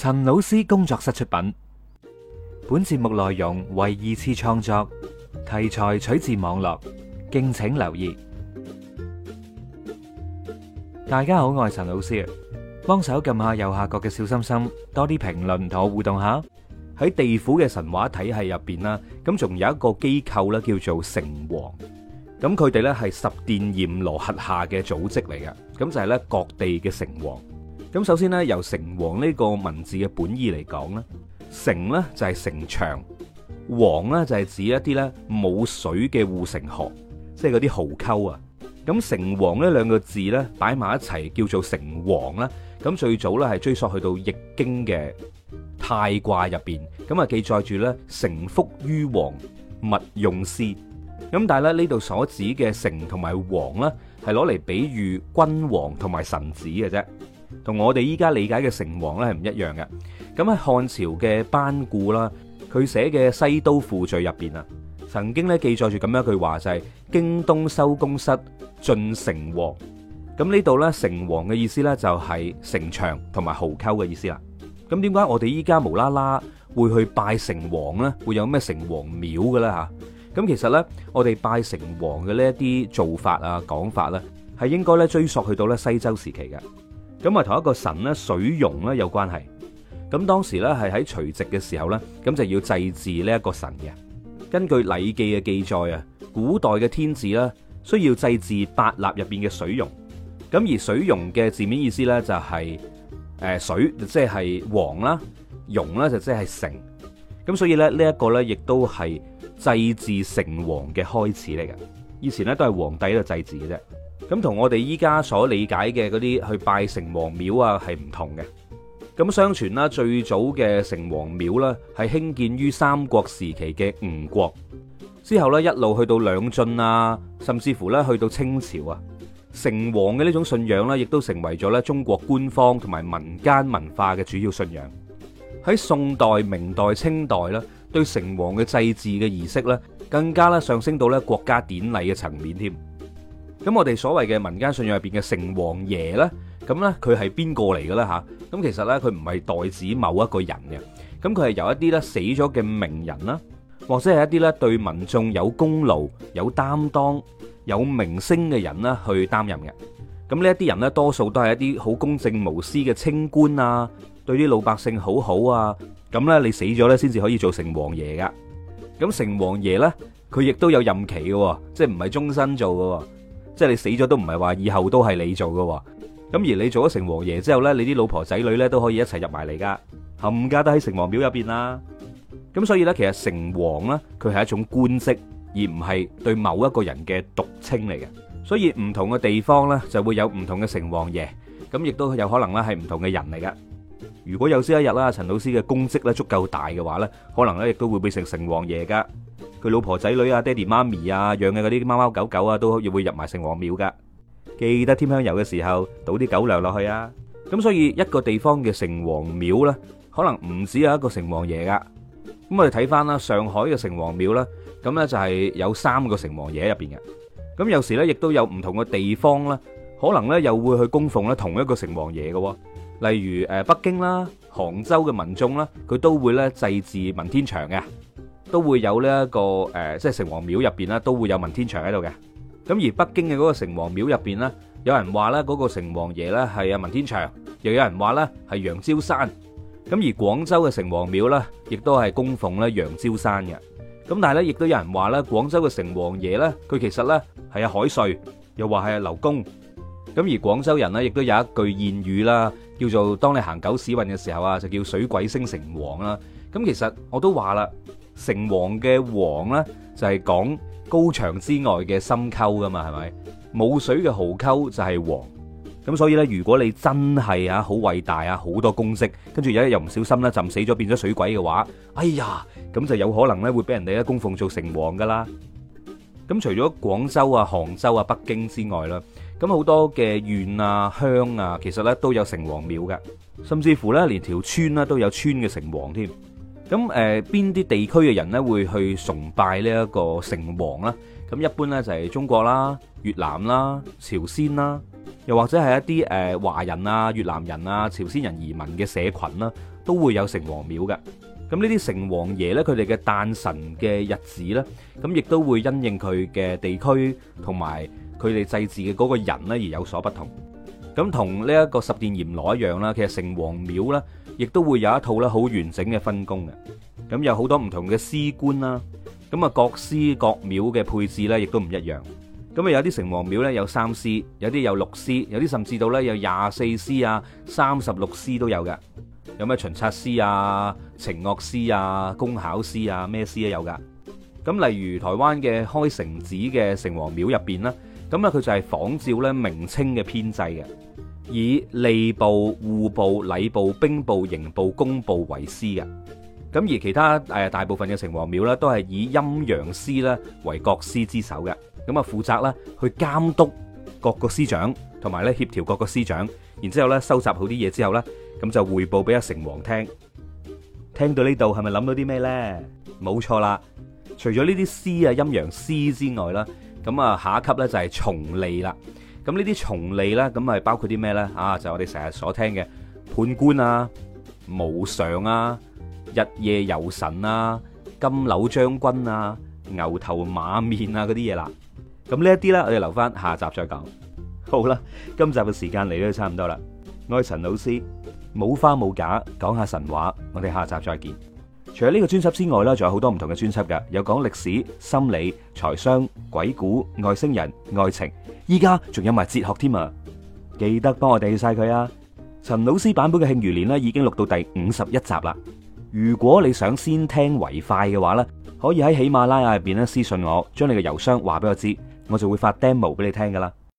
陳老師工作室出品，本節目內容為二次創作，題材取自網絡，敬請留意。大家好，我係陳老師，幫手撳下右下角嘅小心心，多啲評論同我互動下。喺地府嘅神話體系入邊啦，咁仲有一個機構咧，叫做城隍，咁佢哋呢係十殿閻羅轄下嘅組織嚟嘅，咁就係咧各地嘅城隍。咁首先咧，由城隍呢個文字嘅本意嚟講咧，城咧就係城牆，隍咧就係指一啲咧冇水嘅護城河，即係嗰啲壕溝啊。咁城隍呢兩個字咧擺埋一齊叫做城隍啦。咁最早咧係追溯去到易經嘅泰卦入邊，咁啊記載住咧，城復于隍，勿用師。咁但係咧呢度所指嘅城同埋隍咧，係攞嚟比喻君王同埋臣子嘅啫。同我哋依家理解嘅城隍咧係唔一樣嘅。咁喺漢朝嘅班固啦，佢寫嘅《西都賦序》入邊啊，曾經咧記載住咁樣一句話就係、是、京東修宮室，盡城隍。咁呢度咧城隍嘅意思咧就係城牆同埋壕溝嘅意思啦。咁點解我哋依家無啦啦會去拜城隍咧？會有咩城隍廟嘅咧嚇？咁其實咧，我哋拜城隍嘅呢一啲做法啊、講法咧，係應該咧追溯去到咧西周時期嘅。咁啊，同一個神咧，水庸咧有關係。咁當時咧，係喺除夕嘅時候咧，咁就要祭祀呢一個神嘅。根據《禮記》嘅記載啊，古代嘅天子咧，需要祭祀八納入面嘅水庸。咁而水庸嘅字面意思咧、就是，就係誒水，就即係隍啦，庸咧，就即、是、係成。咁所以咧，呢一個咧，亦都係祭祀城隍嘅開始嚟嘅。以前咧，都係皇帝喺度祭祀嘅啫。咁同我哋依家所理解嘅嗰啲去拜城隍廟啊，係唔同嘅。咁相傳啦，最早嘅城隍廟呢，係興建於三國時期嘅吳國，之後呢，一路去到兩晉啊，甚至乎呢，去到清朝啊，城隍嘅呢種信仰呢，亦都成為咗呢中國官方同埋民間文化嘅主要信仰。喺宋代、明代、清代呢，對城隍嘅祭祀嘅儀式呢，更加咧上升到呢國家典禮嘅層面添。咁我哋所謂嘅民間信仰入邊嘅城隍爺咧，咁咧佢係邊個嚟嘅咧？嚇咁其實咧佢唔係代指某一個人嘅，咁佢係由一啲咧死咗嘅名人啦，或者係一啲咧對民眾有功勞、有擔當、有名聲嘅人咧去擔任嘅。咁呢一啲人咧，多數都係一啲好公正無私嘅清官啊，對啲老百姓好好啊。咁咧你死咗咧先至可以做城隍爺噶。咁城隍爺咧佢亦都有任期嘅，即係唔係終身做嘅。即係你死咗都唔係話以後都係你做噶，咁而你做咗城隍爺之後咧，你啲老婆仔女咧都可以一齊入埋嚟噶，冚家都喺城隍廟入邊啦。咁所以咧，其實城隍咧佢係一種官職，而唔係對某一個人嘅獨稱嚟嘅。所以唔同嘅地方咧就會有唔同嘅城隍爺，咁亦都有可能咧係唔同嘅人嚟噶。如果有朝一日啦，陳老師嘅功績咧足夠大嘅話咧，可能咧亦都會變成城隍爺噶。佢老婆仔女啊、爹哋媽咪啊，養嘅嗰啲貓貓狗狗啊，都要會入埋城隍廟噶。記得添香油嘅時候，倒啲狗糧落去啊。咁所以一個地方嘅城隍廟咧，可能唔止有一個城隍爺噶。咁我哋睇翻啦，上海嘅城隍廟啦，咁咧就係有三個城隍爺喺入邊嘅。咁有時咧，亦都有唔同嘅地方啦，可能咧又會去供奉咧同一個城隍爺噶。例如誒，北京啦、杭州嘅民眾啦，佢都會咧祭祀文天祥嘅。都會有呢一個誒，即係城隍廟入邊啦，都會有文天祥喺度嘅。咁而北京嘅嗰個城隍廟入邊咧，有人話咧嗰個城隍爺咧係阿文天祥，又有人話咧係楊椒山。咁而廣州嘅城隍廟咧，亦都係供奉咧楊椒山嘅。咁但係咧，亦都有人話咧，廣州嘅城隍爺咧，佢其實咧係阿海瑞，又話係阿劉公。咁而廣州人咧，亦都有一句諺語啦，叫做當你行狗屎運嘅時候啊，就叫水鬼升城隍啦。咁其實我都話啦。城隍嘅隍咧，就係講高牆之外嘅深溝噶嘛，係咪？冇水嘅壕溝就係隍。咁所以咧，如果你真係啊好偉大啊，好多功績，跟住有一日又唔小心咧，浸死咗變咗水鬼嘅話，哎呀，咁就有可能咧會俾人哋咧供奉做城隍噶啦。咁除咗廣州啊、杭州啊、北京之外啦，咁好多嘅縣啊、鄉啊，其實咧都有城隍廟嘅，甚至乎咧連條村咧都有村嘅城隍添。咁誒，邊啲地區嘅人呢會去崇拜呢一個城隍啦？咁一般呢，就係中國啦、越南啦、朝鮮啦，又或者係一啲誒華人啊、越南人啊、朝鮮人移民嘅社群啦，都會有城隍廟嘅。咁呢啲城隍爺呢，佢哋嘅誕辰嘅日子呢，咁亦都會因應佢嘅地區同埋佢哋祭祀嘅嗰個人呢而有所不同。咁同呢一個十殿閻羅一樣啦，其實城隍廟呢亦都會有一套呢好完整嘅分工嘅。咁有好多唔同嘅司官啦，咁啊各司各廟嘅配置呢亦都唔一樣。咁啊有啲城隍廟呢有三司，有啲有六司，有啲甚至到呢有廿四司啊、三十六司都有嘅。有咩巡察司啊、懲惡司啊、公考司啊，咩司都有噶。咁例如台灣嘅開城子嘅城隍廟入邊呢。咁啊，佢就係仿照咧明清嘅編制嘅，以吏部、戶部、禮部、兵部、刑部、工部為司嘅。咁而其他誒大部分嘅城隍廟咧，都係以陰陽司咧為各司之首嘅。咁啊，負責咧去監督各個司長，同埋咧協調各個司長，然之後咧收集好啲嘢之後咧，咁就匯報俾阿城隍聽。聽到呢度係咪諗到啲咩咧？冇錯啦，除咗呢啲司啊陰陽司之外啦。咁啊，下一級咧就係從利啦。咁呢啲從利咧，咁係包括啲咩咧？啊，就係，我哋成日所聽嘅判官啊、無常啊、日夜遊神啊、金柳將軍啊、牛頭馬面啊嗰啲嘢啦。咁呢一啲咧，我哋留翻下集再講。好啦，今集嘅時間嚟到差唔多啦。我係陳老師，冇花冇假講下神話，我哋下集再見。除咗呢個專輯之外咧，仲有好多唔同嘅專輯嘅，有講歷史、心理、財商、鬼故、外星人、愛情，依家仲有埋哲學添啊！記得幫我訂晒佢啊！陳老師版本嘅《慶餘年》咧已經錄到第五十一集啦。如果你想先聽為快嘅話咧，可以喺喜馬拉雅入邊咧私信我，將你嘅郵箱話俾我知，我就會發 demo 俾你聽噶啦。